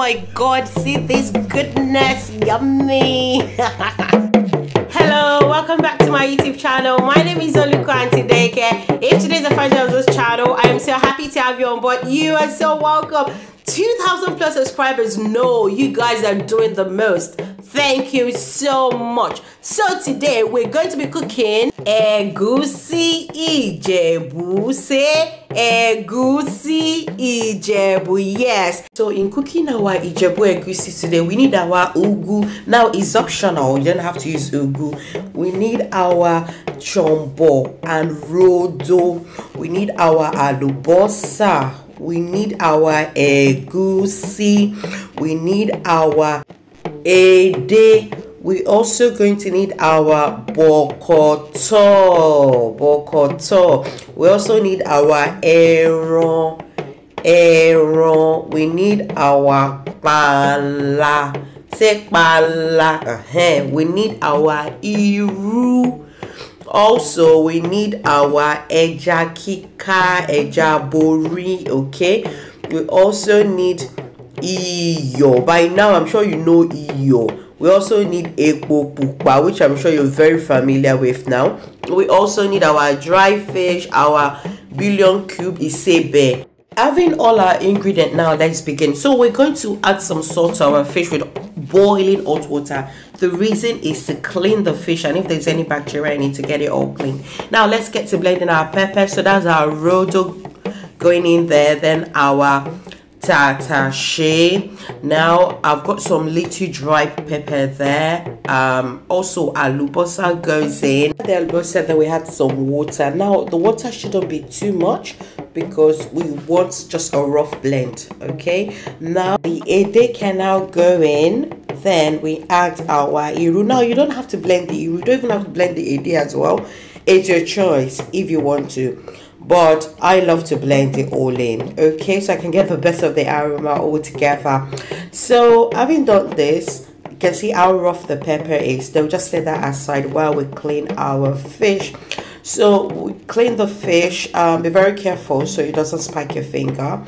my god, see this goodness, yummy. Hello, welcome back to my YouTube channel. My name is Oluka Antideke. If today's the first day of this channel, I am so happy to have you on board. You are so welcome. 2000 plus subscribers No, you guys are doing the most thank you so much so today we're going to be cooking egusi ijebu say Egusi Ijebu. Yes. So in cooking our Ijebu egusi today, we need our ugu. Now it's optional. You don't have to use ugu. We need our chombo and rodo. We need our alubosa. We need our egusi. We need our ede we also going to need our bokoto bokoto we also need our ẹran ẹran we need our pala say panla uh-huh. we need our iru also we need our ẹja kíká ẹja borí okay we also need iyọ̀ by now i'm sure you know iyọ̀ We also need epo pupa, which I'm sure you're very familiar with now. We also need our dry fish, our billion cube isebe. Having all our ingredient now, let's begin. So we're going to add some salt to our fish with boiling hot water. The reason is to clean the fish and if there's any bacteria, I need to get it all clean. Now let's get to blending our pepper. So that's our rodo going in there, then our satache now i've got some little dry pepper there um also alubosa goes in the alubosa that we had some water now the water shouldn't be too much because we want just a rough blend okay now the ede can now go in then we add our iru now you don't have to blend the iru you don't even have to blend the ede as well it's your choice if you want to but I love to blend it all in okay so I can get the best of the aroma all together so having done this you can see how rough the pepper is they'll just set that aside while we clean our fish so we clean the fish um, be very careful so it doesn't spike your finger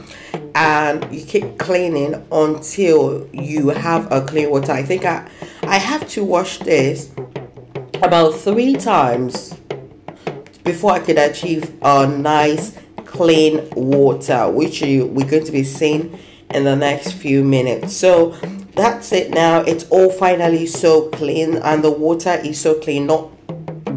and you keep cleaning until you have a clean water I think I I have to wash this about three times before I could achieve a nice clean water, which we're going to be seeing in the next few minutes. So that's it now. It's all finally so clean and the water is so clean, not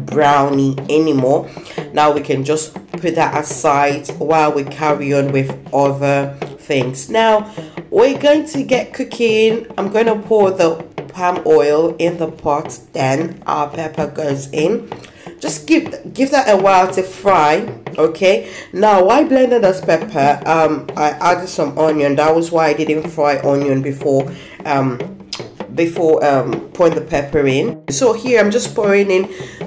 brownie anymore. Now we can just put that aside while we carry on with other things. Now we're going to get cooking. I'm going to pour the palm oil in the pot then our pepper goes in just give give that a while to fry okay now why blended as pepper um i added some onion that was why i didn't fry onion before um before um pouring the pepper in so here i'm just pouring in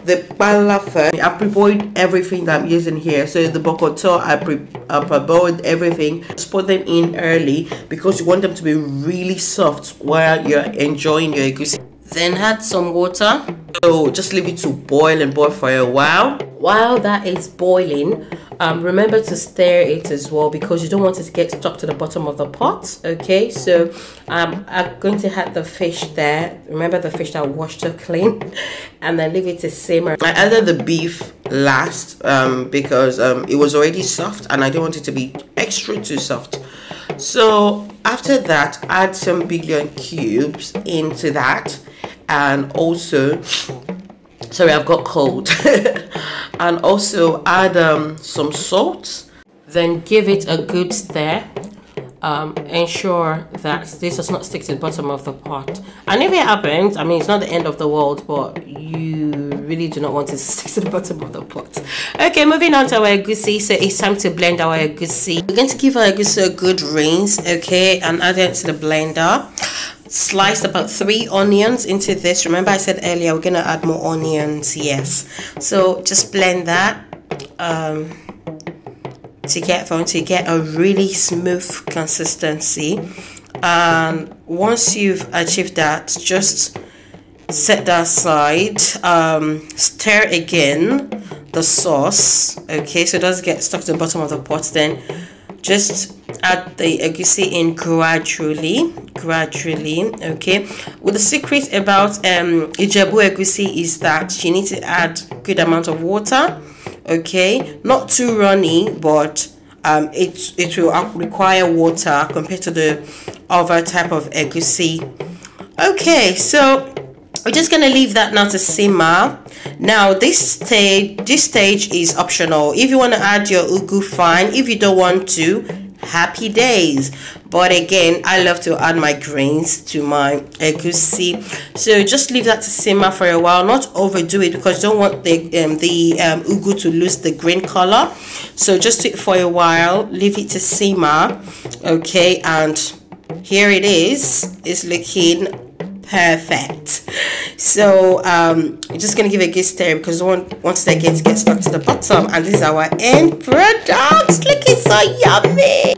the balafon i pre-boiled everything that i'm using here so the bokoto i pre I boiled everything just put them in early because you want them to be really soft while you're enjoying your egusi then add some water so just leave it to boil and boil for a while. While that is boiling, um, remember to stir it as well because you don't want it to get stuck to the bottom of the pot. Okay, so um, I'm going to add the fish there. Remember the fish that I washed up clean and then leave it to simmer. I added the beef last um, because um, it was already soft and I don't want it to be extra too soft. So after that, add some bouillon cubes into that and also sorry i've got cold and also add um, some salt then give it a good stir um, ensure that this does not stick to the bottom of the pot and if it happens i mean it's not the end of the world but you really do not want it to stick to the bottom of the pot okay moving on to our egusi so it's time to blend our egusi we're going to give our egusi a good rinse okay and add it to the blender Slice about three onions into this. Remember I said earlier we're going to add more onions, yes. So just blend that um, to get for to get a really smooth consistency. And um, once you've achieved that, just set that aside. Um, stir again the sauce. Okay, so it does get stuck to the bottom of the pot then. Just add the egusi in gradually gradually okay well the secret about um ijebu egusi is that you need to add good amount of water okay not too runny but um it it will require water compared to the other type of egusi okay so we're just gonna leave that now to simmer now this stage this stage is optional if you want to add your ugu fine if you don't want to happy days but again i love to add my grains to my egusi so just leave that to simmer for a while not overdo it because you don't want the um, the um, ugu to lose the green color so just do it for a while leave it to simmer okay and here it is it's looking perfect so um I'm just gonna give a good stir because one once the gets get stuck to the bottom and this is our end product Look, it's so yummy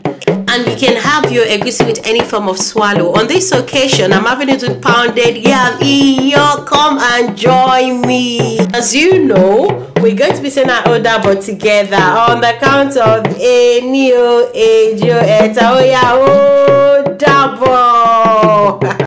and you can have your egusi with any form of swallow on this occasion i'm having it with pounded yam yo come and join me as you know we're going to be saying our order but together on the count of a new age, jo eta o double